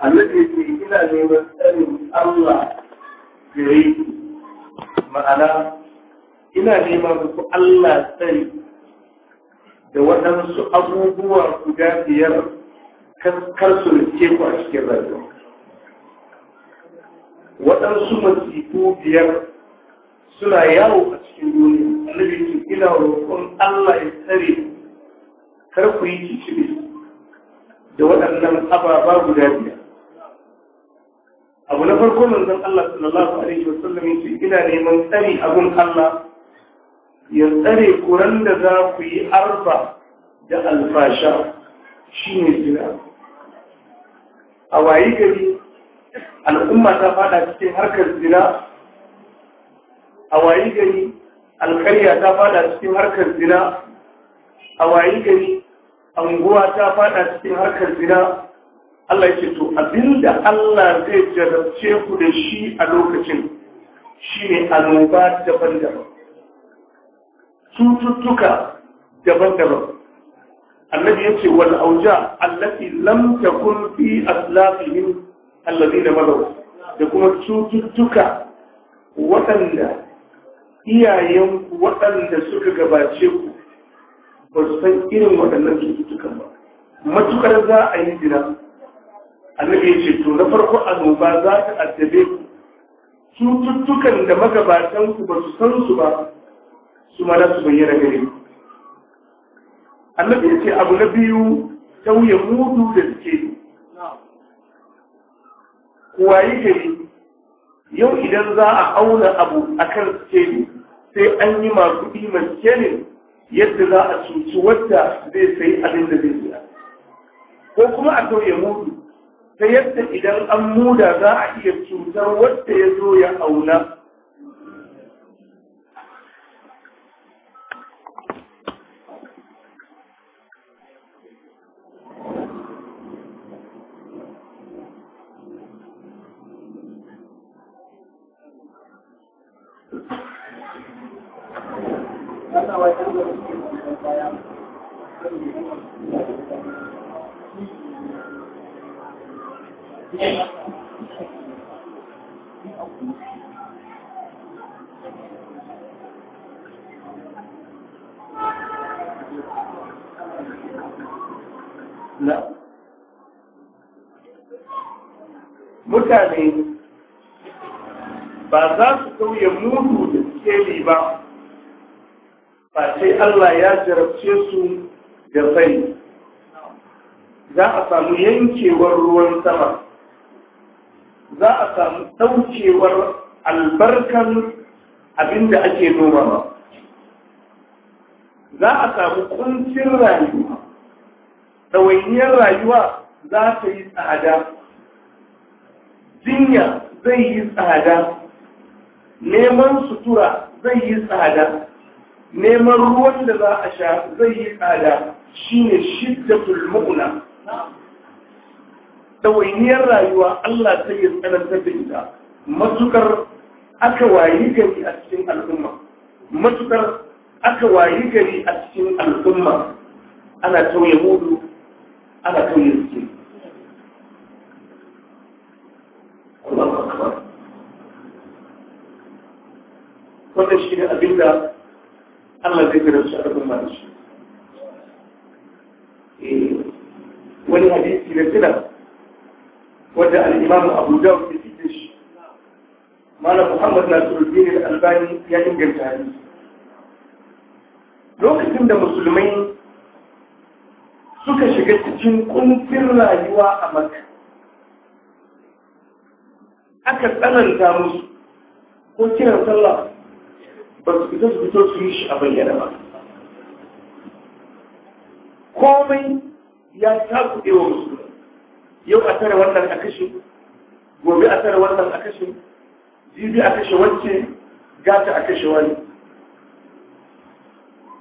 annabi ce ina neman tsarin Allah gare ma'ana ina neman ku Allah tsari da waɗansu abubuwa guda biyar kar su rike ku a cikin rayuwa waɗansu masifu biyar suna yawo a cikin duniya annabi ce ina roƙon Allah ya tsare kar ku yi cicibi da waɗannan ababa guda biyar abu na farko manzon Allah sallallahu alaihi sallam yace ina neman tsari abun Allah ya tsare kuran da za ku yi arba da alfasha Shi ne zina a wayi gari al'umma ta fada cikin harkar zina a wayi gari alkarya ta fada cikin harkar zina a wayi gari anguwa ta fada cikin harkar zina Allah ya ce to abinda Allah zai jarabce ku da shi a lokacin shine annoba daban-daban cututtuka daban-daban annabi ya ce wal auja allati lam takun fi aslafihim alladhina malaw da kuma cututtuka waɗanda iyayen waɗanda suka gabace ku ba su san irin waɗannan cututtukan ba matukar za a yi jira annabi ya ce to na farko annoba za ta addabe ku cututtukan da magabatan ku ba su san su ba su ma su bayyana gare ku annabi ya ce abu na biyu tauye mudu da suke kuwaye gari yau idan za a auna abu akan suke sai an yi masu imar kenin yadda za a cuci wadda zai sayi abin da zai siya ko kuma a ya mudu ta yadda idan an muda za a iya cutar wadda ya zo ya auna Allah ya jarabce su da sai za a samu yankewar ruwan sama za a samu ɗaukewar albarkan abinda ake noma. za a samu kuncin rayuwa ɗawainiyar rayuwa za ta yi tsada jinya zai yi tsada neman sutura zai yi tsada neman ruwan da za a sha zai yi tsada shine shiddatul mu'na ɗawainiyar rayuwa Allah ta ya tsananta da ita matukar aka wayi gari a cikin al'umma matukar aka wayi gari a cikin al'umma ana tauye hudu ana tauye suke wannan shi ne abin da. Allah zai kira su a rufin da shi eh, wani hadisi na sila wadda al'imamu abu dawo ya fito shi malam muhammad na surutu da albani ya inganta hadisi lokacin da musulmai suka shiga cikin kuntin rayuwa a maka aka tsananta musu ko kiran sallah ba su su fito su yi shi a bayyana ba komai ya saku ɗewa musu yau a tare wannan a kashe gobe a tare wannan a kashe jibi a kashe gata a kashe wani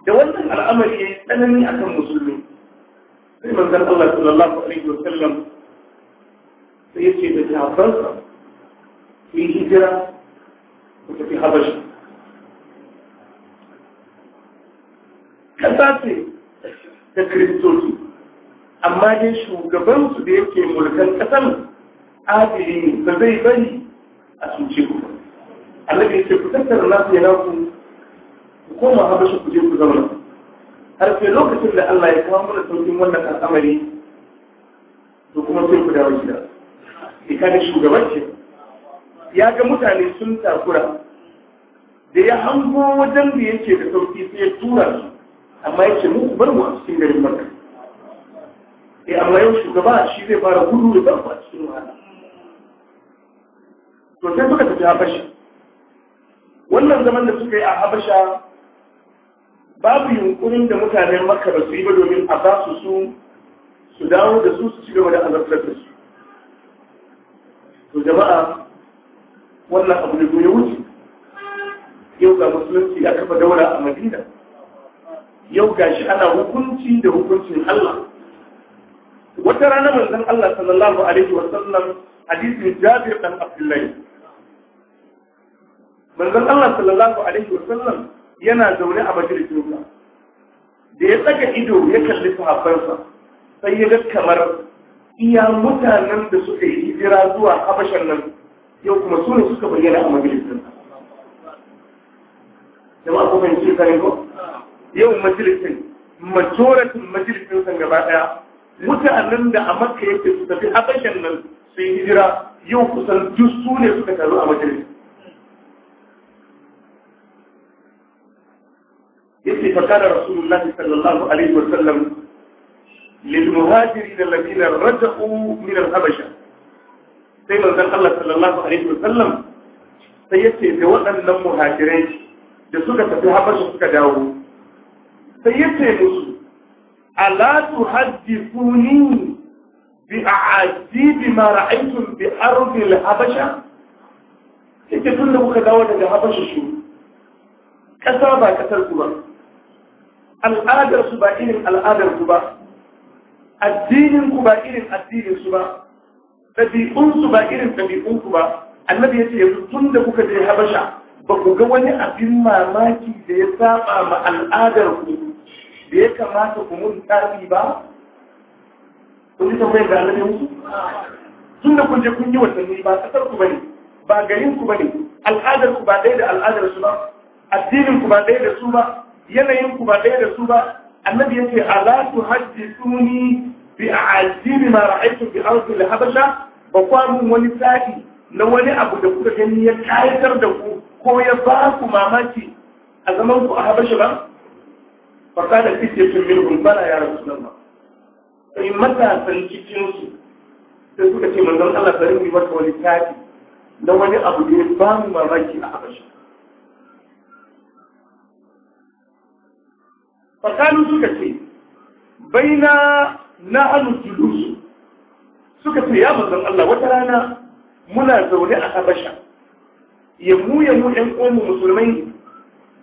da wannan al'amari ya yi tsanani akan musulmi sai manzan Allah sallallahu alaihi wa sallam sai ya ce da jahabansa ku yi hijira tafi ƙasa ce ta kiristoci amma dai shugabansu da yake mulkan ƙasar adili ne ba zai bari a cuce ku annabi ce ku tattara nasu ya na ku koma habashin ku je ku zauna har sai lokacin da Allah ya kawo mana saukin wannan al'amari to kuma sai ku dawo gida ikanin shugabanci ya ga mutane sun takura da ya hango wajen da yake da sauki sai ya tura su amma yake mu bar mu a cikin garin makka eh amma yau shugaba shi zai fara gudu da farko a cikin wahala to sai suka tafi habasha wannan zaman da suka yi a habasha babu yunkurin da mutanen makka ba su yi ba domin a ba su su su dawo da su su ci gaba da azabtar da su to jama'a wannan abu da ya wuce yau ga musulunci ya kafa daura a madina yau gashi ana hukunci da hukuncin Allah wata rana manzon Allah sallallahu alaihi wasallam hadisi Jabir dan Abdullahi manzon Allah sallallahu alaihi wasallam yana zaune a majalisinsa da ya tsaka ido ya kalli sahabbansa sai ya ga kamar iya mutanen da suka yi hijira zuwa habashan nan yau kuma su ne suka bayyana a majalisinsa jama'a ko fahimci kanin ko yau majalisin majoratin majalisin san gaba daya mutanen da a makka yake su tafi habashan nan sai yi hijira yau kusan duk su ne suka taru a majalisin yace fa kana rasulullahi sallallahu alaihi wasallam للمهاجرين الذين رجعوا من Habasha, sai manzon Allah sallallahu alaihi wasallam sai yace da waɗannan muhajirai da suka tafi habasha suka dawo sai ya ce musu ala tuhaddithuni bi a'ajibi ma ra'aytum bi ardi al-habasha yake tun da kuka dawo daga habasha shi ƙasa ba ƙasar ku ba al'adar su ba irin al'adar ku ba addinin ku ba irin addinin su ba ɗabi'un su ba irin ɗabi'un ku ba annabi yace yanzu tun da kuka je habasha ba ku ga wani abin mamaki da ya saba ma al'adar ku da ya kamata ku mun tsafi ba ku ji tambayar da musu tun da kun je kun yi watanni ba kasar ku bane ba garin ku bane al'adar ku ba ɗaya da al'adar su ba addinin ku ba ɗaya da su ba yanayin ku ba ɗaya da su ba annabi yace ala tuhaddithuni bi a'jibi ma ra'aytu bi ardi al-habasha ba kwanu wani tsari na wani abu da kuka gani ya kayatar da ku ko ya ba ku mamaki a zaman ku a habasha ba fakada fitiyatun minhum bala ya rasulullah sai matasan cikinsu sai suka ce manzon Allah bari mu maka wani tafi na wani abu ne ba mu mamaki a Habasha fakalu suka ce baina na alujulusu suka ce ya manzon Allah wata rana muna zaune a Habasha ya mu musulmai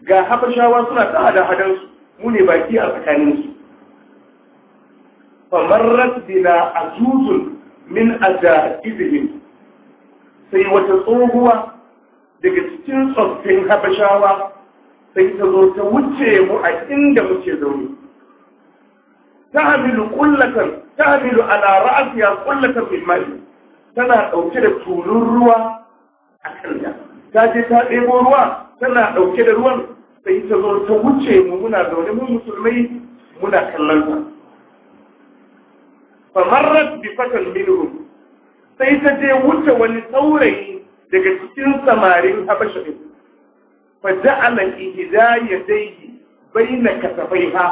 ga Habashawa suna ta hada hadansu mu ne baki a tsakaninsu famarrat a azuzun min ajaibihim sai wata tsohuwa daga cikin tsoffin habashawa sai ta zo ta wuce mu a inda muke zaune ta hamilu kullatan ta hamilu ala ra'asiya kullatan min mai tana dauke da tulun ruwa a kanta ta je ta ɗebo ruwa tana ɗauke da ruwan sai ta zo ta wuce mu muna zaune mu musulmai muna kallon ta fa marrat bi fatan minhu sai ta je wuce wani saurayi daga cikin samarin habasha din fa ja'ala dai baina katafaiha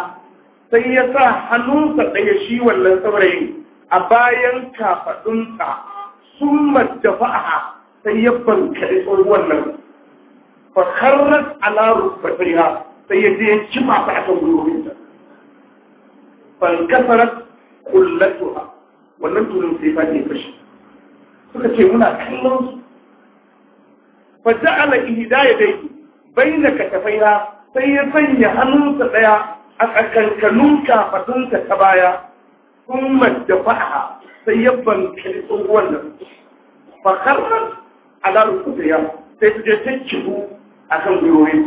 sai ya sa hannunsa ɗaya shi wannan saurayin a bayan kafaɗunsa sun matafa'a, sai ya bankari tsohuwan nan fa kharrat ala rukbatiha sai ya je ya cima ta akan gwiwowinta fa kasarat kullatuha wannan tunan sai ta ke fashi suka ce muna kallon su fa ja'ala ihdayadai baina katafaina sai ya sanya hannunsa ɗaya a tsakankanin kafatunsa ta baya sun maddafa'a sai ya bankali tsohuwan nan fakarar alalu kudiya sai su je ta cihu akan gwiwoyin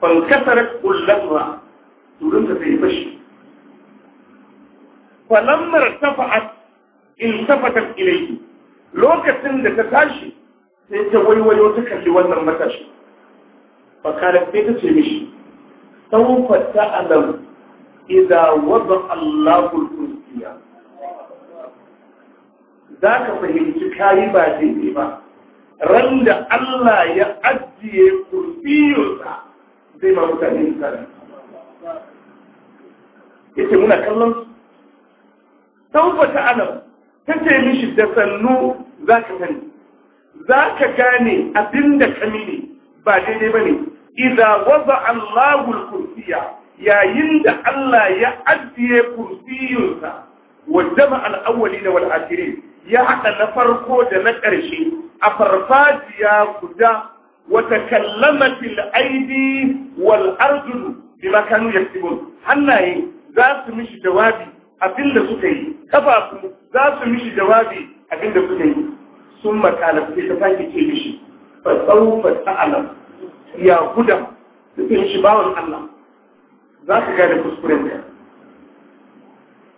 fankasarar kullatuwa turin ta sai fashi falammar tafa'at in tafata ilaiki lokacin da ta tashi sai ta waiwayo ta kalli wannan matashi fakarar sai ta ce mishi سوف تعلم إذا وضع الله الكرسي ذاك فهمت كاي با ديني ba. ran da Allah ya ajiye kursiyarsa zai ba mutane misali yace muna kallon su tauba ta ta ce mishi da sannu za ka sani za ka gane abin da kami ne ba daidai ba ne idan waza Allahul kursiya yayin da Allah ya ajiye kursiyunsa wa jama'al awwali da wal ya haɗa na farko da na ƙarshe a farfajiya guda wata kallamatil aidi wal arjulu bima kanu yaktubun hannaye za su mishi jawabi abinda suka yi kafafu za su mishi jawabi abinda suka yi sun makala sai ta sake ce mishi fa tsawfa ya guda suka shi bawan Allah za su gane kuskuren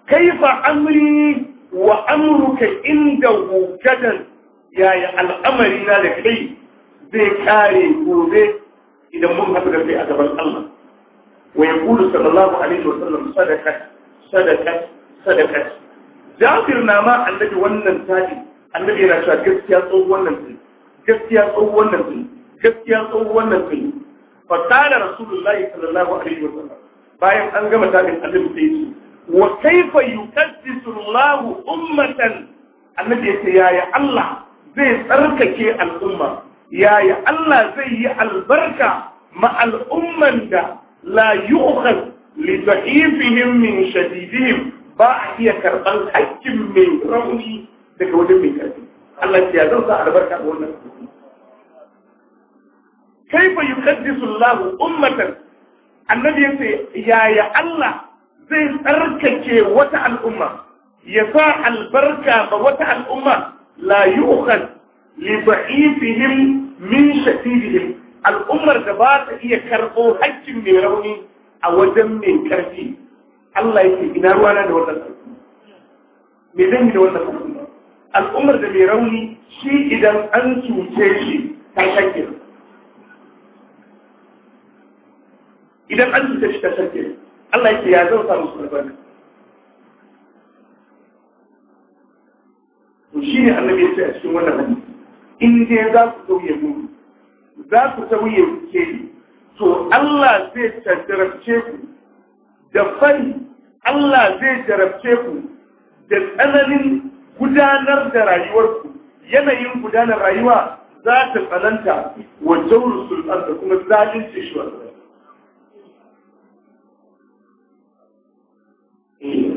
ka fa amri wa amruka inda gadan yaya al'amari na da kai zai kare gobe idan mun haɗu da kai a gaban Allah wa yaqulu sallallahu alaihi wa sallam sadaqat sadaqat sadaqat Jafir na ma annabi wannan tadi annabi yana cewa gaskiya tsohuwan nan tun gaskiya tsohuwan nan tun gaskiya tsohuwan wannan tun fa kana rasulullahi sallallahu alaihi wa sallam bayan an gama tadin annabi sai ce wa kaifa yukaddisu Allahu ummatan annabi ya ce yaya Allah zai tsarkake al'umma yaya Allah zai yi albarka ma al'umman da la yu'khad li da'ifihim min shadidihim ba a iya karɓar haƙƙin mai rauni daga wajen mai ƙarfi Allah ya zan sa albarka a wannan kaifa yuqaddisu ummatan annabi yace yaya Allah zai tsarkake wata al'umma ya sa albarka ma wata al'umma la yu'khad li da'ifihim min shadidihim al'ummar da ba ta iya karɓo haƙƙin mai rauni a wajen mai karfi Allah yake ina ruwana da wannan sarki me zan yi wannan sarki al'ummar da mai rauni shi idan an cuce shi ta idan an shi ta Allah ya to shi ne annabi ya ce a cikin wannan hadisi in dai za ku tauye mu za ku tauye ke to Allah zai jarabce ku da fari Allah zai jarabce ku da tsananin gudanar da rayuwarku yanayin gudanar rayuwa za ta tsananta wa jawar sultan da kuma zalin shi eh,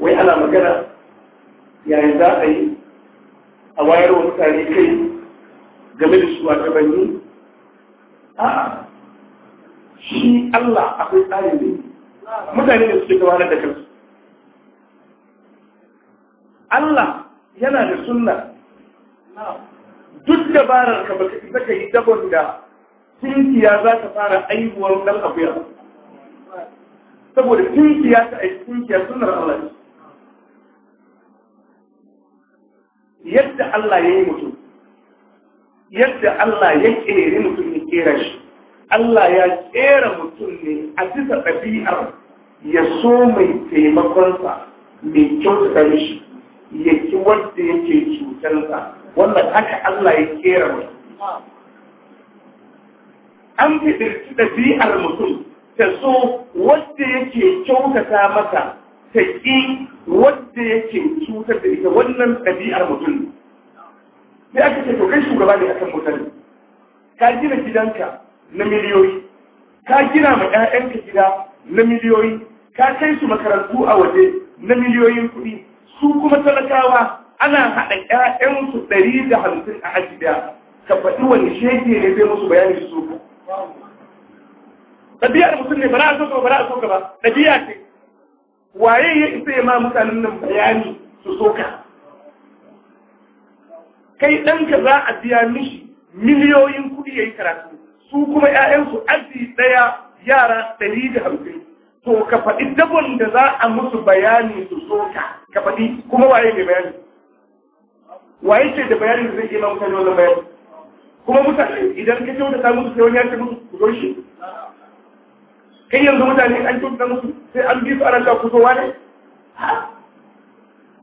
wai ana magana yayin za a yi a wayar wa mutane kai game da shugabanni a'a shi Allah akwai tsarin ne mutane ne suke gabanar da kansu Allah yana da sunna duk dabarar ka baka isa ka yi dabon da tunkiya za ta fara aihuwar ɗan akuya saboda tunkiya ta aiki tunkiya sunnar Allah ne yadda Allah ya yi mutum yadda Allah ya kere mutum ya kera shi Allah ya kera mutum ne a bisa ɗabi'ar ya so mai taimakonsa mai kyautata shi, ya ki wanda yake cutarsa wannan haka Allah ya kera mutum an fi ɗirki ɗabi'ar mutum ta so wanda yake kyautata mata ta ƙi wadda yake cutar da ita wannan ɗabi'ar mutum ne aka ce to kai shugaba ne akan mutane ka gina gidanka na miliyoyi ka gina ma 'ya'yanka gida na miliyoyi ka kai su makarantu a waje na miliyoyin kuɗi su kuma talakawa ana haɗa 'ya'yansu ɗari da hamsin a aji ɗaya ka faɗi wani shege ne zai musu bayani su ɗabi'ar mutum ne ba za a so ba ba a so ba ɗabi'a ce waye ya isa ya ma mutanen nan bayani su soka kai ɗanka za a biya mishi miliyoyin kuɗi ya yi karatu su kuma 'ya'yansu aji ɗaya yara ɗari da hamsin to ka faɗi dabon da za a musu bayani su soka ka faɗi kuma waye mai bayani waye ce da bayani da zai iya ma mutane wannan bayani kuma mutane idan ka kyau ta samun sai wani ya ce musu ku zo shi kai yanzu mutane an da musu sai an bi su ana cewa kusowa ne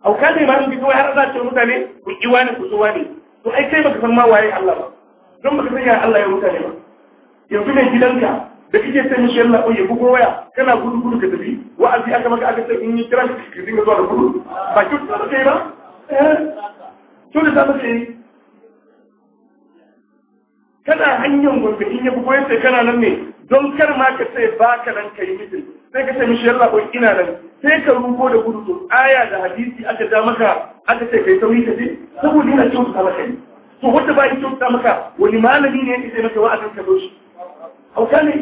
a wuka ne ma in bi kawai har za cewa mutane ku iwa ku kusowa ne to ai kai baka san ma waye Allah ba don baka san ya Allah ya mutane ba yanzu ne gidanka da kike sai mishi Allah ya bugo waya kana gudu gudu ka tafi azi aka maka aka sai in yi kira ki dinga zuwa da gudu ba ki tsara kai ba eh? to da zama sai kana hanyar gurbin in yi bugo sai kana nan ne don kar ma ka sai ba ka nan ka yi mijin sai ka ce mishi yalla oi ina nan sai ka rubo da gudu to aya da hadisi aka da maka aka ce kai sauri ka je saboda yana ka maka to wata ba ya ta maka wani malami ne yake sai maka wa'azin ka zo shi hauka ne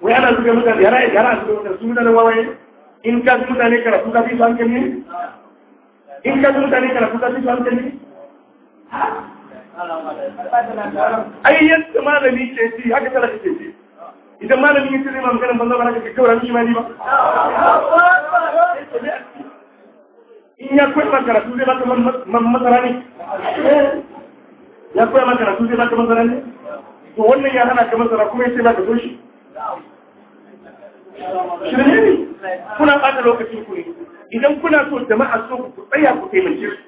wai ana zuga mutane yara yara zuga mutane su wawa ne in ka ji mutane karatu ka fi su hankali ne in ka ji mutane karatu ka fi su hankali ne ai yadda malami ke ci haka talaka ci ce zai ma maganin ba haka ni ba in ya ma zai baka masara ne ma zai baka to wannan ya hana ka masara kuma ya kuna lokacin ku idan kuna so jama'a so ku tsaya ku taimake su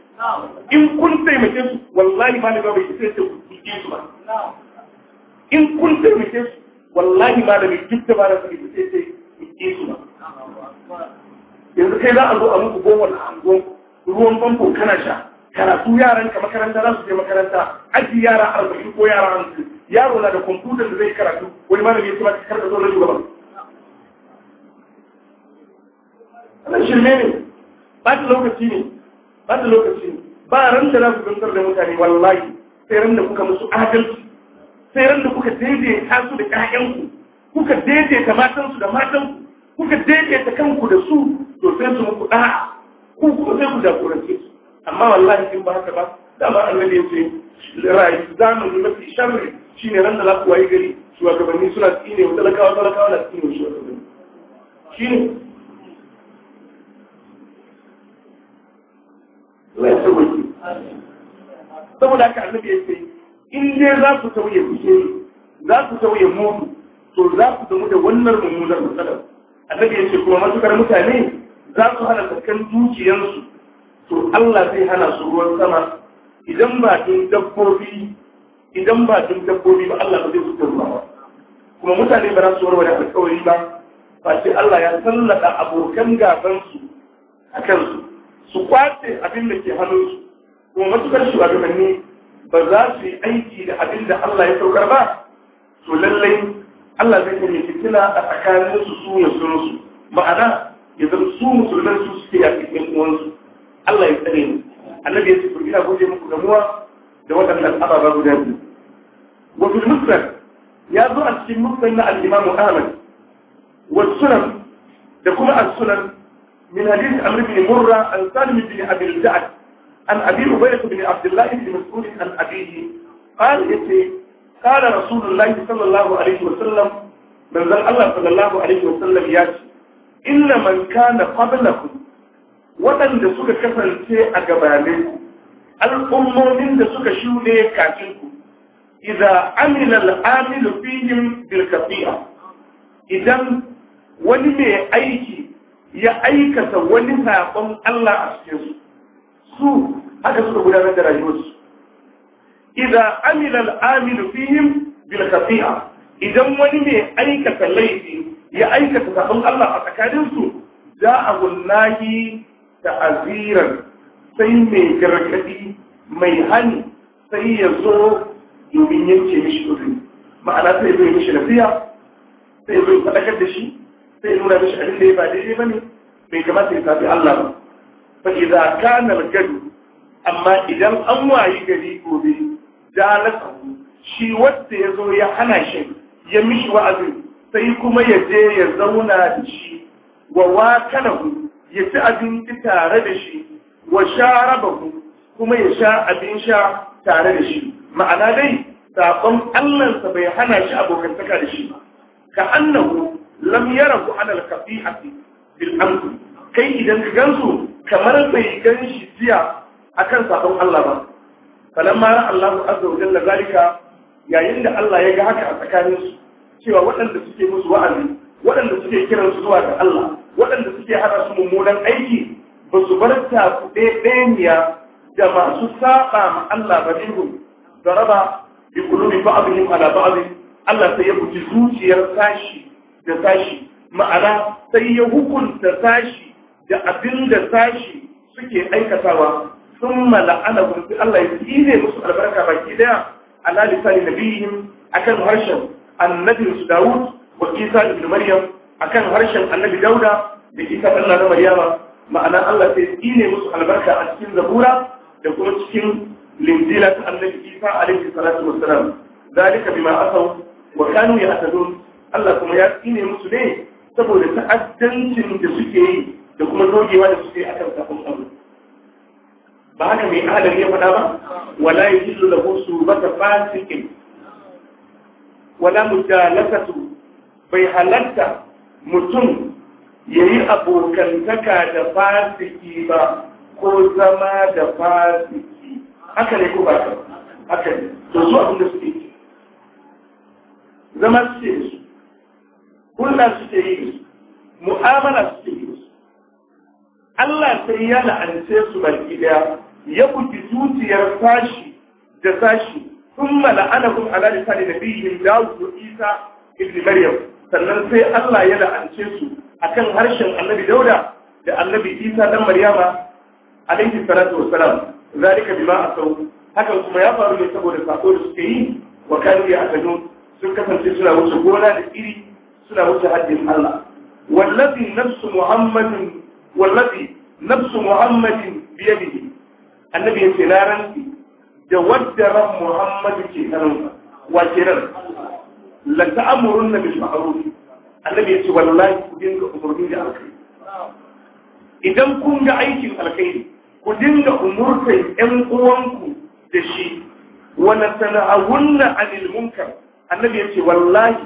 in kun taimake su wallahi malami bai sai ce ku ke su ba in kun taimake su wallahi malami mai da ba da su sai ce ku ke su ba yanzu kai za a zo a muku gowar angon ruwan famfo kana sha karatu yaran ka makaranta za su je makaranta aji yara arba'in ko yara hamsin yaro na da kwamfutar da zai karatu wani malami ya ce maka karka zo na shugaban wannan shirme ne ba ta lokaci ne ba da lokaci ba ran da za ku gamsar da mutane wallahi sai ran da kuka musu adalci sai ran da kuka daidaita su da ƴaƴanku kuka daidaita matansu da matanku kuka daidaita kanku da su to sai su muku da'a ku kuma sai ku jagorance su amma wallahi in ba haka ba dama annabi ya ce rayu zamani mafi sharri shine ran da za ku wayi gari shugabanni suna tsine wa talakawa talakawa na tsine wa shugabanni shine Allah ya wuce saboda aka annabi ya ce in dai za ku tauye bishiri za ku tauye mutu to za ku gamu da wannan mummunar matsalar annabi ya ce kuma matukar mutane za su hana tsakan dukiyansu to Allah zai hana su ruwan sama idan ba tun dabbobi idan ba tun dabbobi ba Allah ba zai fitar ruwa ba kuma mutane ba za su warware alkawari ba ba sai Allah ya sallaka abokan gabansu a kansu su kwace abin da ke hannunsu kuma matukar shugabanni ba za su yi aiki da abin da Allah ya saukar ba to lallai Allah zai kan yi fitina a tsakanin su su ya su ma'ana ya zama su musulman su suke ya fi ɗin uwansu Allah ya tsare ni annabi ya ce ku ina goje muku muwa da waɗannan ababa guda biyu wa musulman ya zo a cikin musulman na al'imamu Ahmad wa sunan da kuma al sunan من حديث عمرو بن مرة عن سالم بن أبي الجعد عن أبي عبيدة بن عبد الله بن مسعود عن أبيه قال يتي قال رسول الله صلى الله عليه وسلم من ذل الله صلى الله عليه وسلم ياتي إلا من كان قبلكم وطن لسوك كفل تي أقبالكم al'ummomin da suka shuɗe kacinku, iza amila al'amilu fihim bilkafiya, idan wani mai aiki ya aikata wani saƙon Allah a cikin su su haka suka gudanar da rayuwarsu idza amila al fihim bil idan wani mai aikata laifi ya aikata saƙon Allah a tsakanin su za a wallahi ta'aziran sai mai gargaɗi mai hani sai ya zo domin yanke mishi ma'ana sai zai mishi lafiya sai zai faɗakar da shi zai nuna mishi abin da ya ba daidai ba ne bai kamata ya tafi Allah ba fa idza kana al-gadu amma idan an wayi gari gobe jalaka shi wanda ya zo ya hana shi ya mishi wa'azin sai kuma ya je ya zauna da shi wa wakalahu ya ci abinci tare da shi wa sharabahu kuma ya sha abin sha tare da shi ma'ana dai sakon Allahnsa bai hana shi abokantaka da shi ba ka annahu lam yarahu ala al-qati'ati bil amr kai idan ka gansu kamar bai gan shi jiya akan sabon Allah ba falamma ra Allahu azza wa jalla zalika yayin da Allah ya ga haka a tsakanin su cewa waɗanda suke musu wa'azi waɗanda suke kiran su zuwa ga Allah waɗanda suke hana su mummunan aiki ba su bar ta su ɗaya da masu saba ma Allah ba minhum daraba bi qulubi ba'dihim ala ba'd Allah sai ya buci zuciyar sashi da sashi ma'ana sai ya hukunta sashi da abin da sashi suke aikatawa sun mala'ana gurbi Allah ya tsine musu albarka baki daya ala lisani nabihim kan harshen Annabi Dawud wa Isa ibn Maryam akan harshen annabi Dauda da Isa Allah na Maryama ma'ana Allah sai tsine musu albarka a cikin zabura da kuma cikin linjila ta annabi Isa alaihi salatu wassalam zalika bima asaw wa kanu Allah kuma ya tsine musu ne saboda ta'addancin da suke yi da kuma dogewa da suke akan kafin abu ba haka mai adam ya faɗa ba wala yajillu lahu ta fasikin wala mu mujalasatu bai halatta mutum ya yi abokantaka da fasiki ba ko zama da fasiki haka ne ko ba haka ne to su abin da suke zama su ce su kulla suke yi mu'amala suke yi Allah sai ya la'ance su baki daya ya buki zuciyar sashi da sashi ثم da على لسان نبيهم داود isa ibn Maryam, sannan sai Allah ya la'ance su akan harshen Annabi Dauda da Annabi Isa dan Maryama alaihi salatu wassalam zalika bima asaw hakan kuma ya faru ne saboda sako da suke yi wa kan ya sun kasance suna wuce gona da iri suna wuce haddin Allah wallazi nafsu muhammadin wallazi nafsu muhammadin biyadihi annabi ya ce na ranki da wadda ran muhammadu ke hannunsa wa ke nan la ta'amurunna bil ma'ruf annabi ya ce wallahi ku dinga umurni da alkhairi idan kun ga aikin alkhairi ku dinga umurtan ƴan uwanku da shi wa natana'awunna anil munkar annabi ya ce wallahi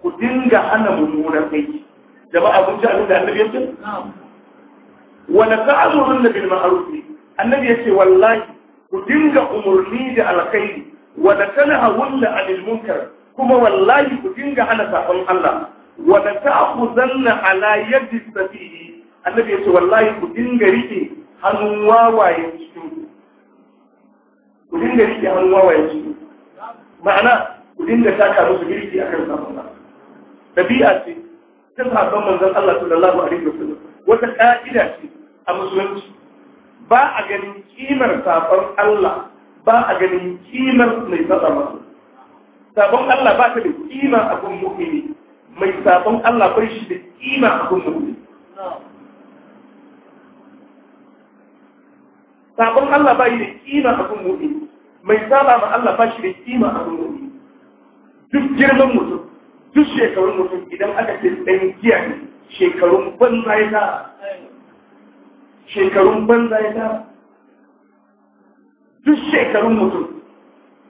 ku dinga hana mummunan aiki jama'a kun ji abin da annabi yake wa da bin ma'ruf annabi ya ce wallahi ku dinga umarni da alkhairi ta wa natanahawun 'anil munkar kuma wallahi ku dinga hana sabon Allah wa nata'khuzanna ala yadi safihi annabi ya ce wallahi ku dinga rike hannun wawaye cikin ku dinga rike hannun wawaye cikin ma'ana ku dinga taka musu girki akan sabon Allah Ɗabi'a ce sun haɓar manzan Allah sallallahu alaihi wa sallam wata ƙa'ida ce a musulunci ba a ganin kimar sabon Allah ba a ganin kimar mai saba masa sabon Allah ba ta da kima a gun mu'mini mai sabon Allah bai shi da kima a gun mu'mini sabon Allah ba yi da kima a gun mu'mini mai saba ma Allah ba shi da kima a gun mu'mini duk girman mutum duk shekarun mutum idan aka ce ɗan giya ne shekarun banza ya tara shekarun banza ya tara duk shekarun mutum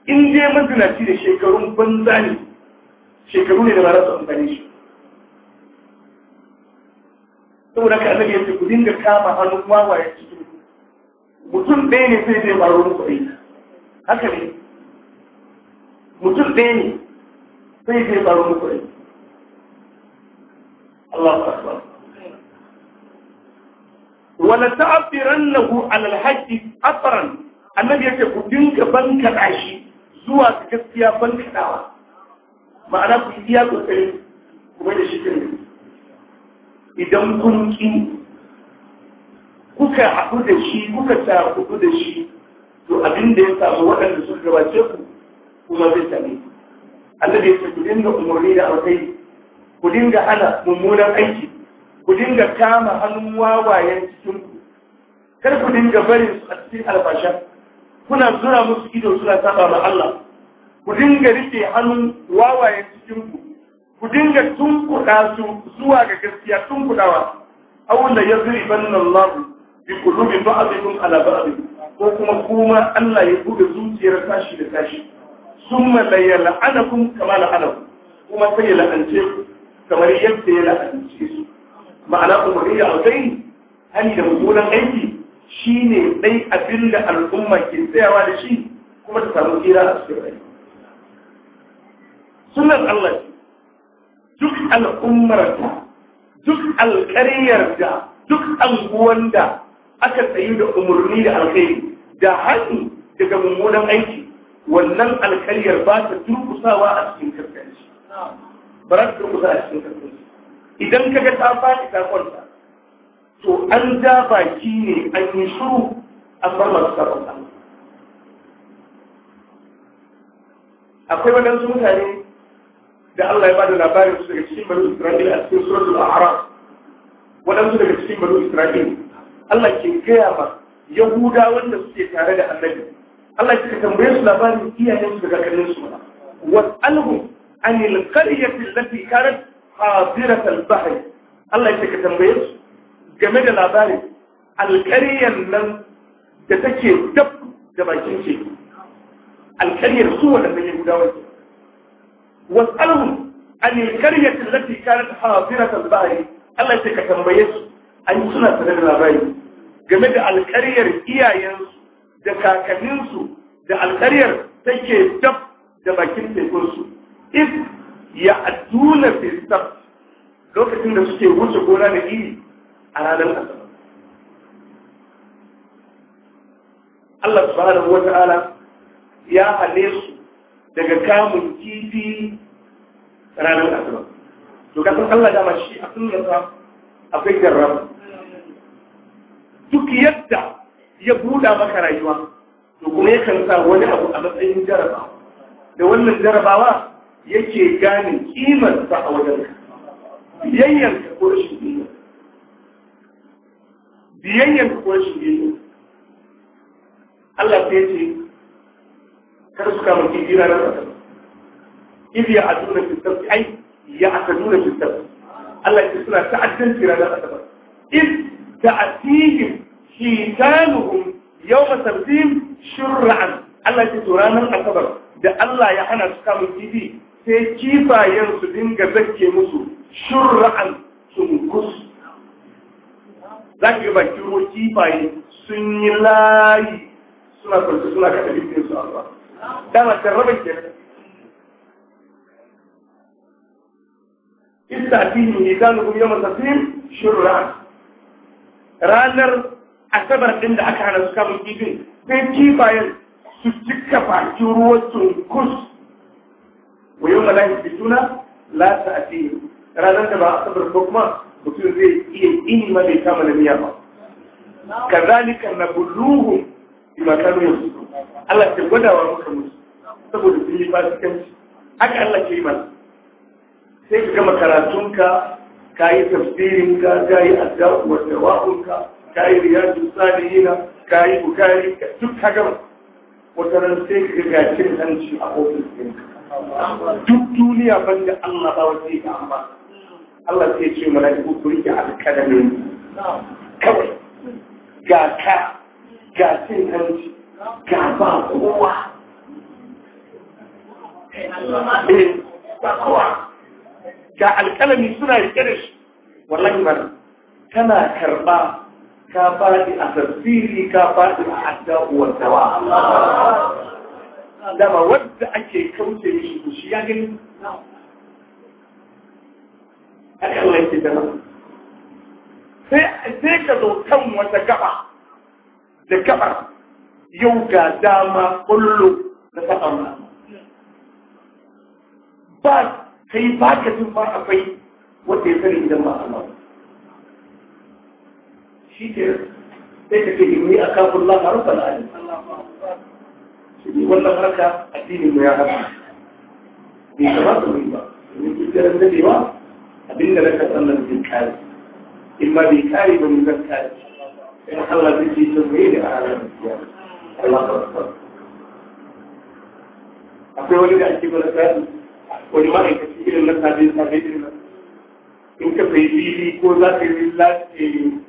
in dai mazinaci da shekarun banza ne shekaru ne da ba rasu amfani shi saboda ka zage yadda ku dinga kama hannun wawaye cikin mutum ɗaya ne sai zai baro muku haka ne mutum ɗaya ne sai zai tsaro muku ne Allahu akbar wala ta'birannahu ala alhajj atran annabi yake ku dinka banka dashi zuwa ga gaskiya banka dawa ma'ana ku iya da shi idan kun ki kuka haɗu da shi kuka ta haɗu da shi to abin da ya samu waɗanda suka gabace ku kuma zai same ku Allah ya ce ku dinga umarni da alkhairi ku dinga hana mummunan aiki ku dinga kama hannun wawayen cikin ku kar ku dinga barin su a cikin albasha kuna zura musu ido suna saba ma Allah ku dinga rike hannun wawayen cikin ku ku dinga tunkuɗa su zuwa ga gaskiya tunkuɗawa awon da yazri banna Allah bi qulubi ba'dikum ala ba'd ko kuma kuma Allah ya buɗe zuciyar tashi da tashi summa la yal'anakum kama la'anakum kuma sai ya la'ance ku kamar yadda ya la'ance su ma'ana umarni da alkai hani da mummunan aiki shine dai abin da al'umma ke tsayawa da shi kuma ta samu kira a cikin rai sunan Allah duk al'ummar ta duk alƙaryar da duk al'uwan da aka tsayi da umarni da alkai da hani daga mummunan aiki wannan alkaliyar ba ta turkusawa a cikin karkanci ba ta turkusa a cikin karkanci idan ka ga ta faɗi ta kwanta to an ja baki ne an yi shuru a farmar sarauta akwai waɗansu mutane da Allah ya bada labarin su daga cikin banu Isra'il a cikin suratul A'raf su daga cikin banu Isra'il Allah ke gaya ma Yahuda wanda suke tare da Annabi Allah ya tambaye su labarin iyayen su da kakannin su was'alhum anil qaryati allati kanat hadirat al-bahr Allah ya tambaye su game da labarin alƙaryan nan da take dab da bakin ce alƙaryar su waɗanda ya guda wajen an anil qaryati allati kanat hadirat al-bahr Allah ya ka tambaye su an suna sanar da labari game da alƙaryar iyayensu da kakanninsu da alƙaryar take dab da bakin tekunsu if ya aduna sab lokacin da suke wuce gona da iri a ranar asabar Allah subhanahu ta'ala ya hale su daga kamun kifi ranar asabar to kasan Allah dama shi a a akwai jarrabu duk yadda ya buɗa maka rayuwa to kuma yakan sa wani abu a matsayin jarabawa da wannan jarabawa yake gane kimar sa a wajen ka biyayyan ka ko rashin biyayya biyayyan ka ko rashin biyayya Allah sai ce kar su kama kifi na rasa ibi ya aduna fi sabbi ai ya asaduna fi sabbi Allah ya suna ta'addanci ranar asabar in ta'atihim kitanuhum yawma tabdim shur'an Allah ya tura ranar asabar da Allah ya hana su kamun kifi sai kifayen su dinga zakke musu shur'an sunkus za ki ba kiro ruwa kifaye sun yi layi suna kwanci suna kada bibin su Allah dama jarraban kenan istatihi mizanuhum yawma sabtim shurran. ranar asabar ɗin da aka hana su kamun kifi sai kifayen su cika bakin ruwan tunkus wa yau malahi bi suna la ta fiye ranar da ba asabar ko kuma mutum zai iya ini ma bai kama da miya ba ka na buluhu bi makanu yanzu Allah ke gwadawa muka musu saboda sun yi fasikanci haka Allah ke yi mana sai ka gama karatunka ka yi tafsirinka ka yi addu'a wa dawa'unka ka yi riyadu salihina kayi yi bukari duk ka gama wata ran sai ka ga cin hanci a ofis ɗinka duk duniya banda Allah ba wace ga amma Allah sai ce mana ku ku rike alƙalamin kawai ga ka ga cin hanci ga ba kowa eh, ba kowa ga alƙalami suna rike da shi wallahi ba tana karɓa. ka faɗi a tafsiri ka faɗi a addu'uwar dawa dama wadda ake kauce shi shi ya gani haka Allah yake da sai ka zo kan wata gaba da gabar yau ga dama kullu da ta amma ba kai ba ka jin ma akwai wata ya sani idan ba Allah ولكن يجب ان يكون هناك ان يكون هناك افضل من اجل ان يكون هناك ان يكون هناك افضل من اجل ان يكون هناك ان يكون هناك افضل من اجل ان يكون هناك ان يكون هناك افضل من اجل ان يكون ان يكون هناك افضل من اجل ان يكون ان يكون هناك افضل من اجل ان يكون ان يكون هناك افضل من اجل ان يكون ان يكون هناك افضل من اجل ان يكون ان يكون هناك افضل من اجل ان يكون ان يكون هناك افضل من اجل ان يكون ان يكون هناك افضل من اجل ان يكون ان يكون هناك افضل من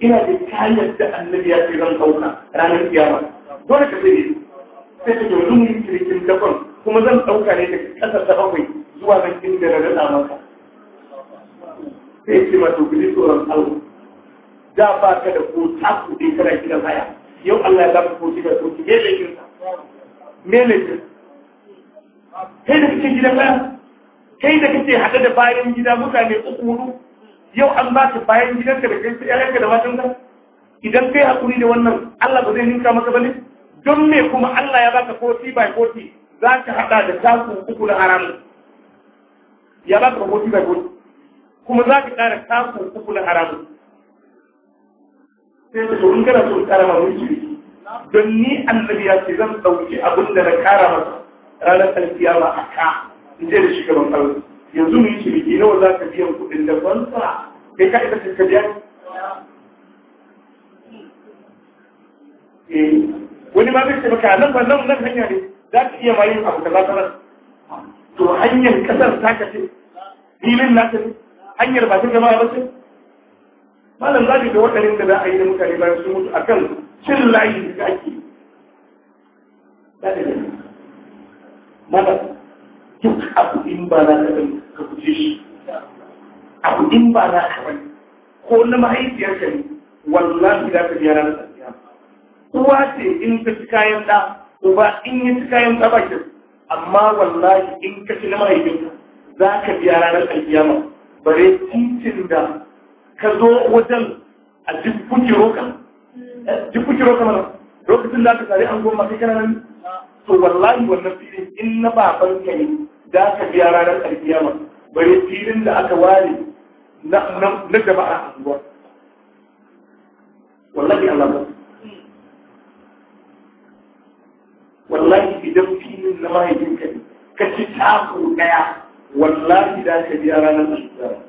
ina da kayan da annabi ya ce zan ɗauka ranar kiyama dole ka sai sai ka yanzu mun kirkin dafan kuma zan ɗauka ne daga ƙasa ta bakwai zuwa nan inda da rada maka sai ce ma to kuli tsoron Allah da ba ka da ko ta dai kana gidan haya yau Allah ya zama ko kika ko kike lekin me lekin kai da kike gidan haya kai da kake hada da bayan gida mutane uku yau an ba ta bayan gidanka da kai sai da matanka idan kai hakuri da wannan Allah ba zai ninka maka bane don me kuma Allah ya baka 40 by 40 za ka hada da taku uku na haramun ya baka 40 by 40 kuma za ka kara taku uku na haramun sai ka so in kana so kara ma mulki don ni annabi ya ce zan dauki abin da na kara masa ranar alkiyama a ka in je da shi gaban Allah yanzu mu yi ciniki nawa za ka biyan kuɗin da bansa kai ka ita ka biya eh, wani ma zai ce maka nan ba nan nan hanya ne za ka iya abu ka za ka kaza to hanyar kasar ta ka ce filin na ta ne hanyar ba ta gama ba ce malam zabi da waɗannan da za a yi da mutane bayan sun mutu akan cin layi da ake malam duk abu in ba na ka ka guje shi A in ba za ka bane ko na mahaifiyarka ne wallahi za ka biya ranar tsakiya uwa ce in ka ci kayan ɗa uba in yi ci kayan ɗa bakin amma wallahi in ka ci na mahaifinka za ka biya ranar ma bare titin da ka zo wajen a jibbuki roka jibbuki roka mana lokacin da aka tsari an goma kai kananan nan to wallahi wannan filin in na baban ka ne za ka biya ranar alkiyama bare filin da aka ware na jama'a a zuwa wallahi Allah ba wallahi idan filin na mahaifinka ne ka ci taku daya wallahi da ka biya ranar alkiyama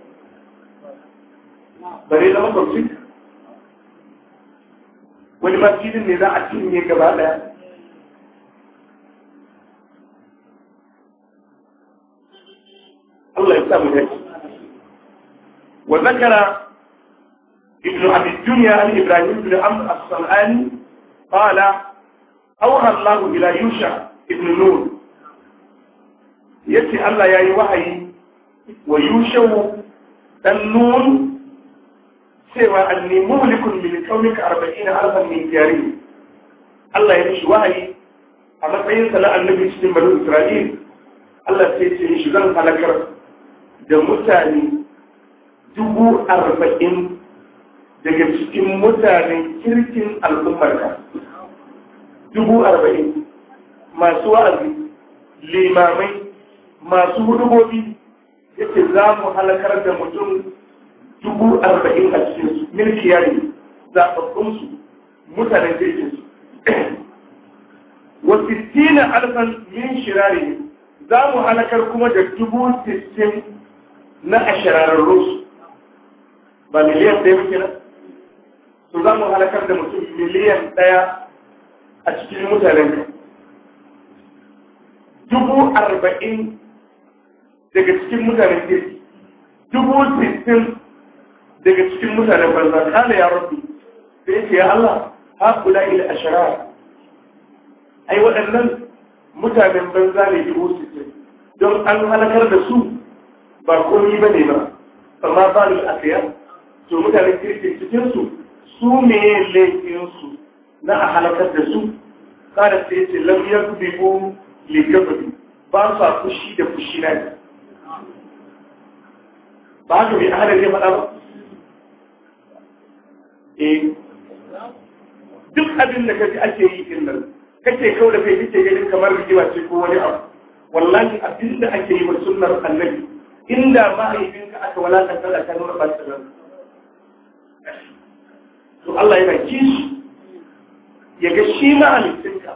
bare wani ma filin ne za a cinye gaba daya Allah ya sa mu dace wa zakara ابن أبي الدنيا عن إبراهيم بن عمرو الصنعاني قال أوحى الله إلى يوشع ابن نور يأتي الله يا وحي ويوشع النون سوى أني مهلك من قومك أربعين ألفا من ديارهم الله يمشي وحي أما فإن سلا النبي سلم بنو إسرائيل الله سيسي شغل على كرب da mutane dubu arba'in daga cikin mutanen kirkin al'ummarka dubu arba'in masu wa'azi limamai masu hudubobi yake za mu halakar da mutum dubu arba'in a cikinsu milki yari zaɓaɓɓunsu mutanen su. wa sittina alfan min shirari za mu halakar kuma da dubu sittin na a rusu ba miliyan ɗaya muke nan su za mu halakar da mutum miliyan ɗaya a cikin mutanen ka dubu arba'in daga cikin mutanen kirki dubu sittin daga cikin mutanen banza kana ya rabu da yake ya Allah haƙula ila shirar ai waɗannan mutanen banza ne dubu sittin don an halakar da su ba komi ba ne ba amma ba ni a siya to mutane kirkin cikinsu su ne laifinsu na a halakar da su kada sai ce lamiyar bibu ligabari ba su a fushi da fushi na ne ba haka mai ahalar zai faɗa ba eh duk abin da kaji ake yi din nan kake kawai da kai kake ganin kamar rigima ce ko wani abu wallahi abin da ake yi wa sunnar annabi inda mahaifinka aka walakanta da kan nuna ɓacin ran to Allah yana kishi ya ga shi mahaifinka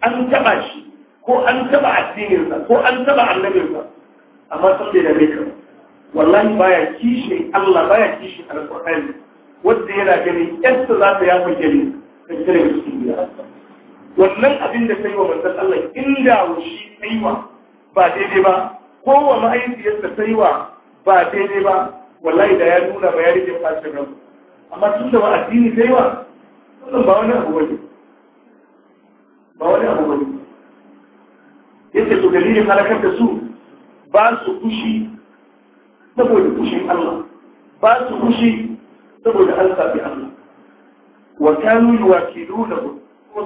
an taɓa shi ko an taɓa addininsa ko an taɓa annabinsa amma sun bai da ka wallahi ya kishi Allah Ba ya kishi alƙur'ani wanda yana gani? yarsa za ta yafa gani da tare da cikin wannan abin da sai wa manzon Allah inda wushi aiwa ba daidai ba kowa da ta yi wa ba daidai ba wallahi da ya nuna ba ya rike fashin ran amma tun da ba addini ta yi wa wannan ba wani abu wani ba wani abu wani yake to dalilin halakar da su ba su kushi saboda kushin Allah ba su kushi saboda an sabi Allah wa kanu yuwakiluna ko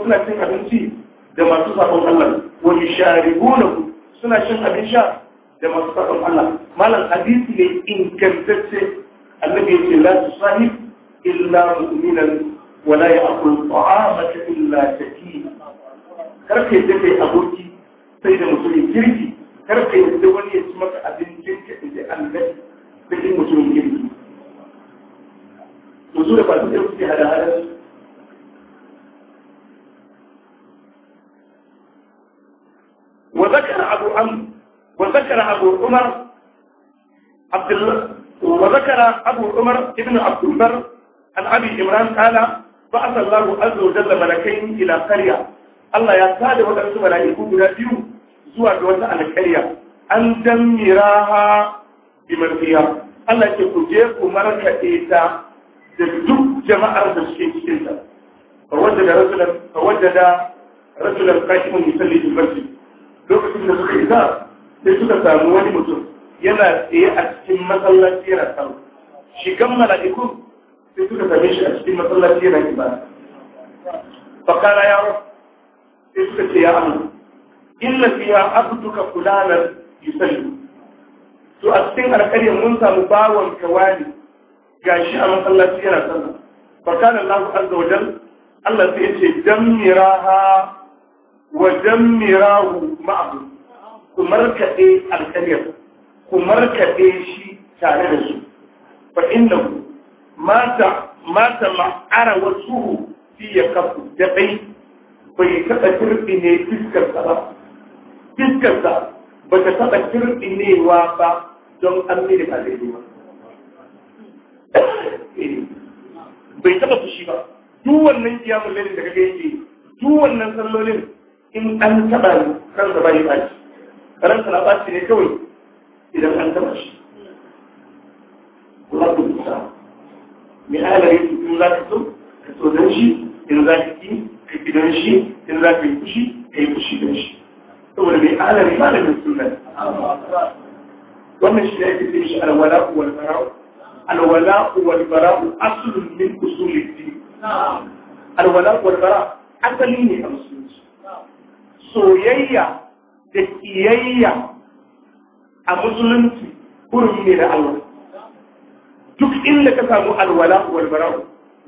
suna cin abinci da masu sabon Allah wa yusharibuna suna cin abin sha da masu sakon Allah malam hadisi ne ingantacce annabi ya ce la tusahib illa mu'minan wala ya'kul ta'amaka illa shakiya karka yadda kai aboki sai da musulmi kirki karka yadda wani ya ci maka abincin ka da annabi da in musulmi kirki to su da ba su da suke hada-hada su وذكر أبو عمرو وذكر أبو عمر عبد الله وذكر أبو عمر ابن عبد البر عن أبي عمران قال بعث الله عز وجل ملكين إلى قرية الله يا سادة وأنتم ملائكة غدا بيو زوا دوتا على قرية أن دمراها بمن فيها Allah ke ku je ku markaɗe ta da duk jama'ar da suke cikin ta. Wanda da rasulan wanda da rasulan kashimin musalli da barci lokacin da suka isa sai suka samu wani mutum yana tsaye a cikin masallaci yana sallah shi kan mala'iku sai suka same shi a cikin masallaci yana ibada fakara ya rabu sai suka ce ya Allah inna fiha abduka fulanan yusalli to a cikin alƙaryar mun samu bawon kawani gashi a masallaci yana sallah fakara Allah azza wajal Allah sai ya ce dammiraha wa dammirahu ma'ahu ku markaɗe alƙaryar ku markaɗe shi tare da su fa innahu mata mata ma'ara wasu fi ya kafu da bai bai taɓa turɓi ne fiskarsa ba fiskarsa ba ta taɓa turɓi ne wa ba don an mini ba yi ba bai taɓa fushi ba duk wannan kiyamun lalin da kake yake duk wannan sallolin in an taɓa ni kansa yi ba shi ranka na ɓaci ne kawai idan an taɓa shi kula da musa mai ala yi in za ka so ka so don shi in za ka ki ka ki don shi in za ka yi kushi ka yi kushi don shi saboda mai ala ne malamin sunan. wannan shi ne ake ce shi alwala wal bara'u alwala wal bara'u aslun min usulid din alwala wal bara'u asali ne a musulunci soyayya da kiyayya a musulunci hurumi ne da Allah duk inda ka samu alwala wal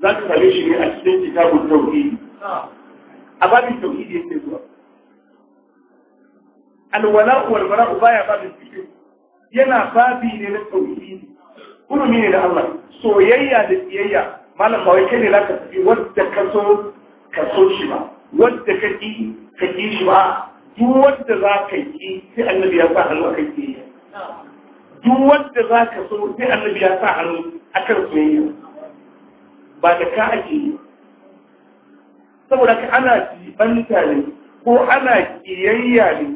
za ka same shi ne a cikin kitabun tauhidi a babin tauhidi yake zuwa alwala wal baya babin fiqh yana babi ne na tauhidi hurumi ne da Allah soyayya da kiyayya malam ba wai kai ne zaka tafi wanda ka so ka so shi ba wanda ka ki ka ki shi ba duk wanda za ka yi sai annabi ya sa hannu ke yi. duk wanda za ka so sai annabi ya sa hannu akan yi ba da ka ake yi saboda ka ana jibanta ne ko ana kiyayya ne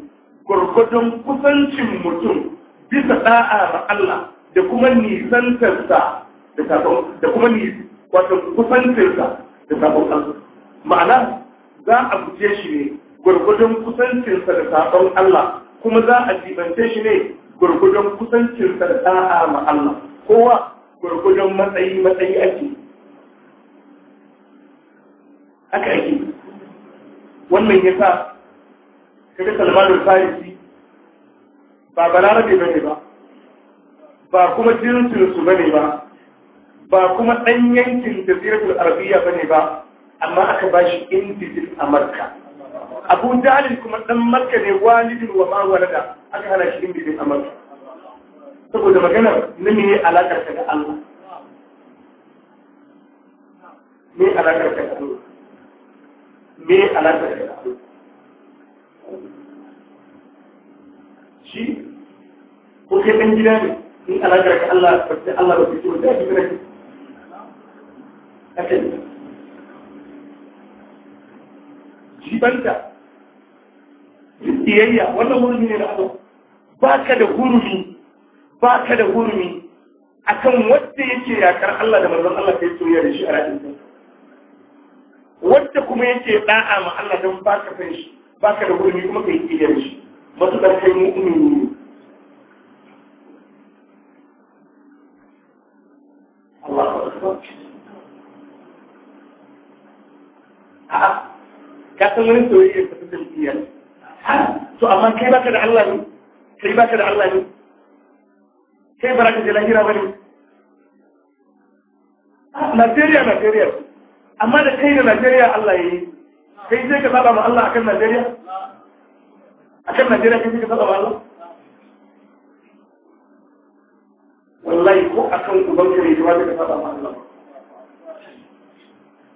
gwargwadon kusancin mutum bisa da'a ga Allah da kuma nisantarsa da kuma ni wato kusantarsa da sabon Allah ma'ana za a guje shi ne gurgudun kusancinsa da saƙon Allah kuma za a jibance shi ne gurgudun kusancinsa da da'a ma Allah kowa gurgudun matsayi matsayi ake haka ake wannan ya sa kaga salmanin farisi ba balarabe bane ba ba kuma jinsinsu bane ba ba kuma ɗan yankin da zirgin arabiya bane ba amma aka ba shi indijin amurka abu jalil kuma dan makka ne walidin wa ma walada aka hana shi inda a makka saboda magana na ne alakar ta ga Allah me alakar ta ga Allah me alakar ta ga Allah shi ko kai dan gida ne in alakar ka Allah ba ta Allah ba ta ci wanda ake gina shi banta biyayya wannan hurumi ne na Allah baka da hurumi baka da hurumi akan wanda yake yakar Allah da manzon Allah kai soyayya da shi a rayuwarsa wanda kuma yake da'a ma Allah dan baka san shi baka da hurumi kuma kai da shi matukar kai mu'mini ne Allah ka san wani soyayya ta tafiyar to amma kai baka da Allah ne kai baka da Allah ne kai baraka da lahira ne Najeriya Najeriya amma da kai da Najeriya Allah yi. kai sai ka saba ma Allah akan Najeriya akan Najeriya kai sai ka saba ma Allah wallahi ko akan ka ne ji wanda ka saba ma Allah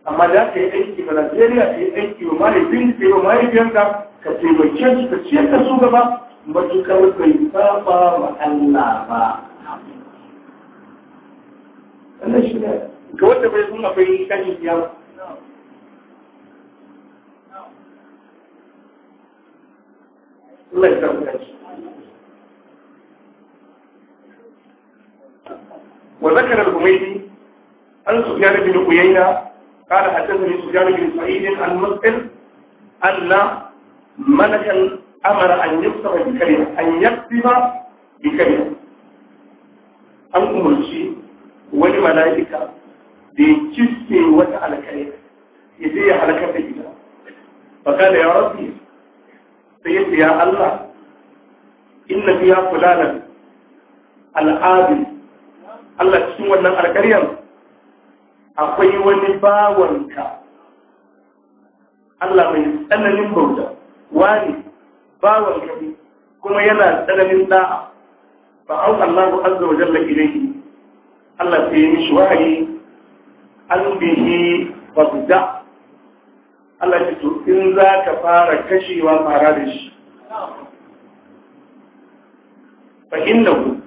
amma da ka yi aiki ba Najeriya ka yi aiki ma mahaifin ka yi ma mahaifiyanka ka taimake su ka ce ka su gaba matukar bai saba wa Allah ba wannan shi ne ga wanda bai sun akwai Allah ya وذكر الحميدي عن سفيان بن عيينة قال حدثني سفيان بن سعيد عن مسعر أن ملكا أمر أن يكتب بكلمة أن يكتب بكلمة an umarci wani mala'ika da ya على wata alkare ya كلمة فقال يا da سيد يا da ya فيها فلانا ya Allah cikin wannan alkariyar akwai wani bawanka Allah mai tsananin bauta wani bawan gari kuma yana tsananin da'a fa an Allahu azza wa jalla ilayhi Allah sai ya mishi wahayi an bihi wa da Allah ya to in za ka fara kashewa fara da shi fa innahu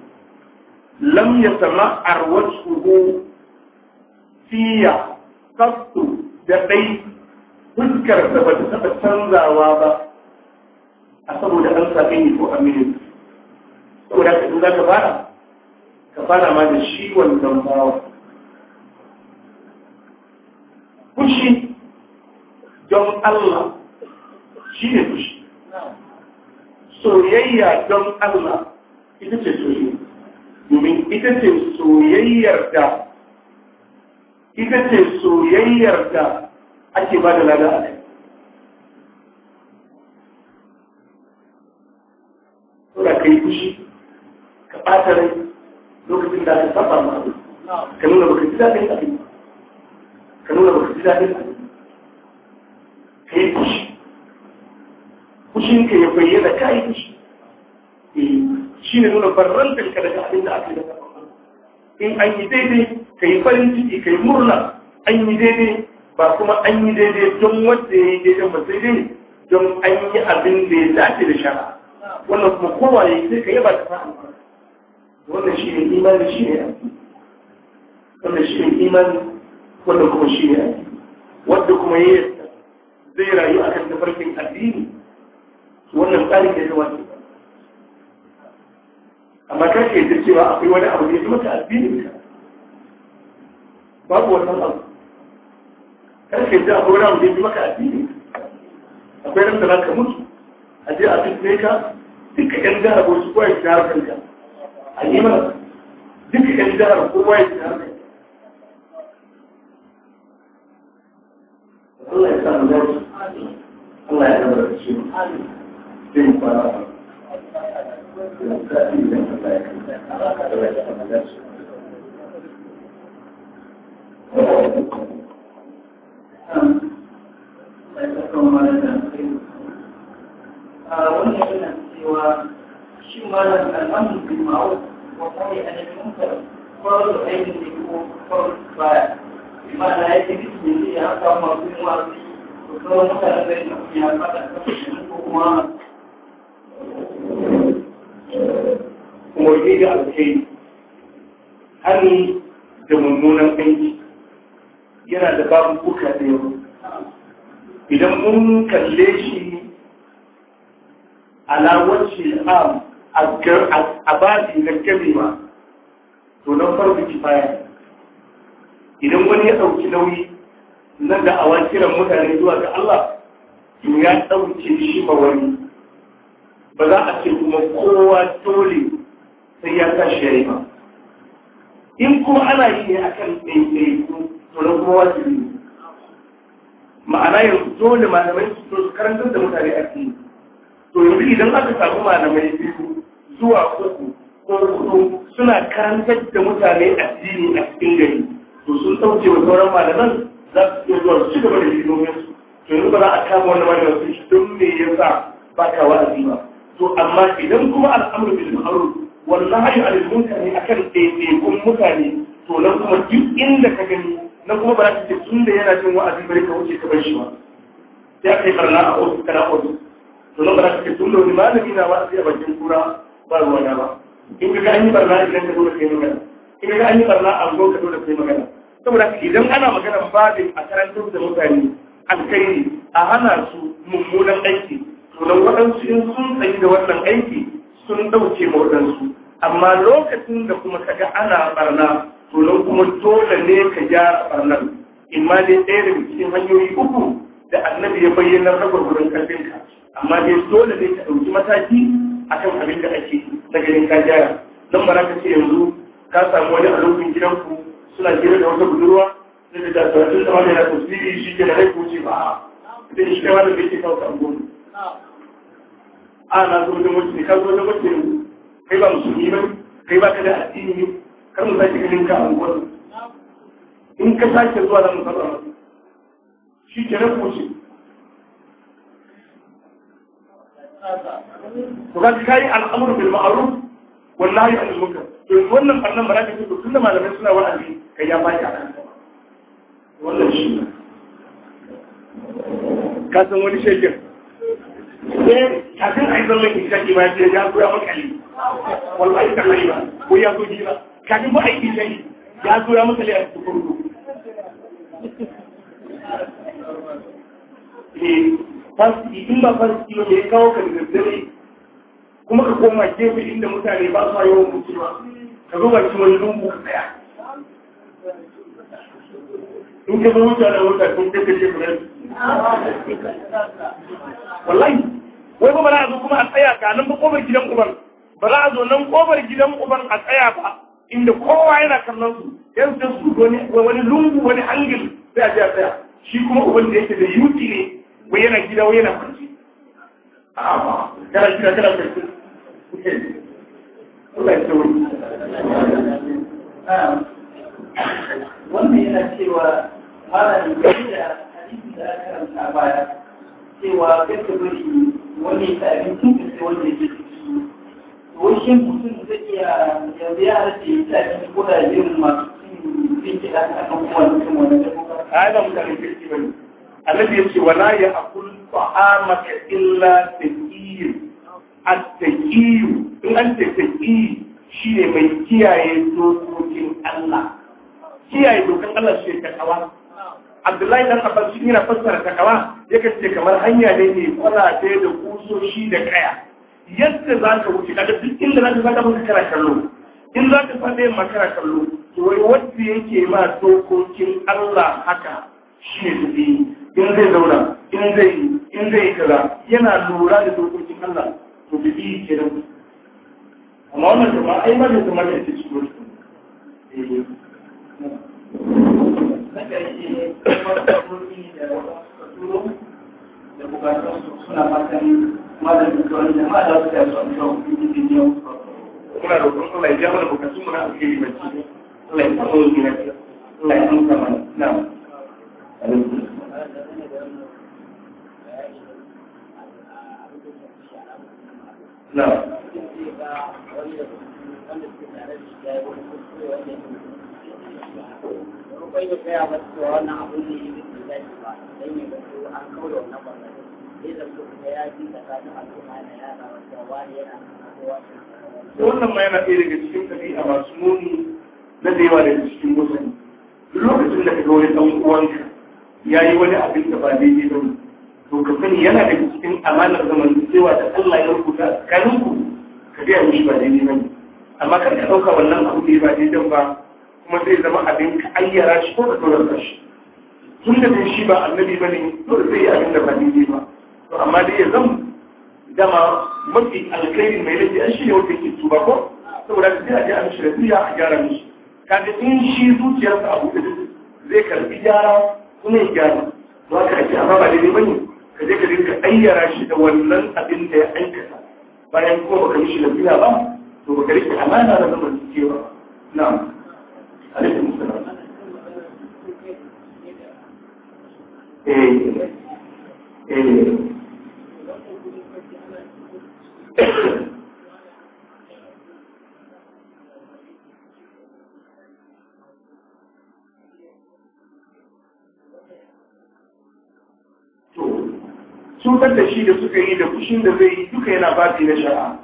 lam yatama arwatuhu fiya qattu da dai fuskar da ba ta taɓa canzawa ba a saboda an sa ni ko aminu saboda ka za ka fara ka fara ma da shi wannan bawa fushi don Allah shi ne fushi soyayya don Allah ita ce soyayya domin ita ce soyayyar da ita ce soyayyar da ake ba da lada a kai fushi ka ɓata rai lokacin da ka ba ma ka nuna baka ji daɗin abin ka nuna baka ji daɗin abin ka yi fushi fushin ka ya bayyana ka yi fushi eh, shi ne nuna barrantar ka daga abin da ake yi in an yi daidai ka yi farin ciki ka yi murna an yi daidai ba kuma an yi daidai don wanda ya yi daidai ba sai dai don an yi abin da ya dace da shara'a wannan kuma kowa ne sai ka yaba ta sa'a wannan shi ne imanin shi ne wannan shi ne imani wannan kuma shi ne Wadda kuma ya yi zai rayu a kan tafarkin addini wannan tsarin da ya zama ce amma kake ka yadda cewa akwai wani abu da ya zama ta addinin babu wannan abu kar ka yadda akwai wani abu da ya zama ka addinin akwai ran da za ka mutu a je a fitne ka duka yan jihar ko kowa ya shiga harkar ka a yi mana duka jihar kowa ya Allah ya sa mu dace Allah ya da shi mu fara ba. Allah ya sa mu mun kalle shi alawanci shi a babi na gamewa to na farko kifaya idan wani ya ɗauki nauyi nan da awa kiran mutane zuwa ga Allah to ya ɗauke shi ma wani ba za a ce kuma kowa dole sai ya tashi ya yi ba in kuma ana yi ne akan ɗaiɗaiku to na kuma yi ma'ana yanzu dole malamai su zo su karantar da mutane addini to yanzu idan aka samu malamai biyu zuwa uku ko hudu suna karantar da mutane a addini a cikin gari to sun ɗauke wa sauran malaman za su iya zuwa su ci gaba da hidimomin su to yanzu ba za a kama wani malamin su shi don me yasa ba ka wa'azi ba to amma idan kuma al'amuru bil ma'ruf wallahi al-munkari akan ɗaiɗaikun mutane to nan kuma duk inda ka gani na kuma ba ta ce tun da yana jin wa'azin bari ka wuce ka bar shi ba sai aka yi barna a wasu kana ofis to nan ba ta ce tun da wani malami na wa'azi a bakin kura ba ruwa na ba in ka ga an yi barna idan ka da kai magana in ka an yi barna a zo ka da kai magana saboda idan ana magana ba da a karantar da mutane alkhairi a hana su mummunan aiki to nan waɗansu in sun tsayi da wannan aiki sun ɗauke ma waɗansu amma lokacin da kuma ka ga ana barna to nan kuma dole ne ka gyara barnar imma dai ɗaya daga cikin hanyoyi uku da annabi ya bayyana na gurgurin ka. amma dai dole ne ka ɗauki mataki a kan abin da ake na ganin ka gyara don ba ka ce yanzu ka samu wani alokin gidanku suna jira da wata budurwa sai da tasirin da wani na tasiri shi ke da haiku ce ba sai shi kai wani da yake kawo ka a na zo da mutum ka zo da mutum kai ba musulmi ba kai ba ka da addini ne kar mu sake ganin ka a unguwar in ka sake zuwa za mu saba masa shi ke rafu ce to ka kai al'amuru bil ma'ruf wallahi an munkar to wannan annan baraka ce to tunda malamai suna wa'azi kai ya baki akan wannan shi ka san wani shekin sai eh, kafin a yi zallan ishaki ma ya ce ya koya makali wallahi ta ba ko ya zo jira kafin ba aiki sai ya zo ya masa eh, in ba ba ya kawo ka da kuma ka koma gefe ba su yawan ka zo ba ci wani lungu ka tsaya in ka zo wallahi wai ba zo kuma a tsaya ka nan ba gidan uban ba za a zo nan kofar gidan uban a tsaya ba inda kowa yana kallon su yan sai su wani lungu wani hangil sai a je a tsaya shi kuma uban da yake da yuti ne wa yana gida wa yana kwanci a'a kana gida kana kwanci Allah ya tsawai. Wannan yana cewa malamin da hadisi da aka karanta baya cewa kai ka bari wani tsarin tun da wanda yake ciki wani mutum zai iya yanzu ya halatta ya ta yi ko da yin masu cin kiɗa a kan kuma mutum wani da kuma ƙa'ida mutane kirki ba ne annabi ya ce wala ya akul ta'amaka illa taqiyyu at-taqiyyu in an ce taqiyyu shine mai kiyaye dokokin Allah kiyaye dokokin Allah shi ta kawa Abdullahi dan Abbas shi yana fassara ta kawa yake ce kamar hanya ne ne kwalabe da kusoshi da kaya yadda za ka wuce kaga duk inda za ka fada maka kana kallo in za ka fada yin makara kallo to wai wanda yake ma dokokin Allah haka shi ne tafi in zai zauna in zai in zai kaza yana lura da dokokin Allah to tafi ke nan amma wannan jama'a ai ma da kuma da ce cikin wasu da bukatun suna fatan malam duka wani jama'a da su ta yi da mai ne gani ba ka ake amma ba daidai ba ne ka je ka dinka ayyara shi da wannan abin da ya aikata bayan kuma baka mishi lafiya ba to baka rike amana da zaman ba na alaikum salam eh eh cutar da shi da suka yi da kushin da zai yi duka yana babi na sha'a,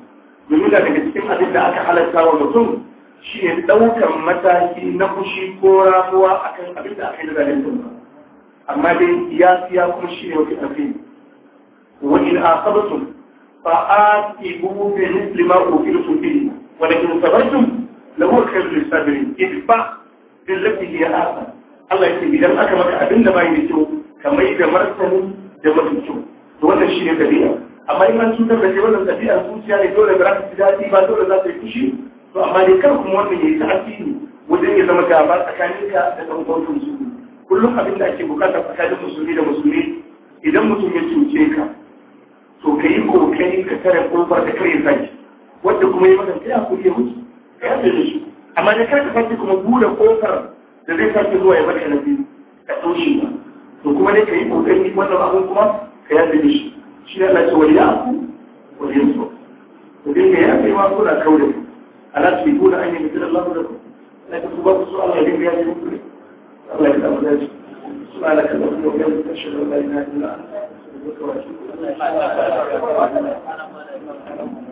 domin da daga cikin abin da aka halatta wa mutum shi ne ɗaukar mataki na fushi ko a akan abin da aka yi da ba amma dai ya siya kuma shi ne wata ƙarfi wa in asabatum fa aqibu bi mithli ma uqitu bihi wa in sabartum la huwa khairul lisabirin idfa bil lati hiya ahsan Allah ya ce idan aka maka abin da bai da kyau kamar da martani da mutum kyau to wannan shi ne ɗabi'a amma in an cutar da ke wannan ɗabi'a zuciya ne dole ba za daɗi ba dole za su yi fushi to amma dai kar kuma wannan ya yi tasiri wajen ya zama gaba tsakaninka da ɗan uwanka musulmi kullum abin da ake bukata tsakanin musulmi da musulmi idan mutum ya cuce ka to ka yi kokari ka tare kofar da kare zaki wanda kuma ya magance ya kuke mutu ka yi da shi amma da kar ka sake kuma bude kofar da zai sake zuwa ya bada na biyu ka ɗaushe ba to kuma dai ka yi kokari wannan abun kuma ka yafe mishi shi ne Allah ce wani yafu wani yanzu ku dinga yafe ma kuna kaure ala ta biyu da an yi mutum Allah da ku na ka tuba so Allah dinga yafe mutu ne Allah ya samu dace suna da kallon kuma ya mutu shi da Allah na ila Allah ya samu dace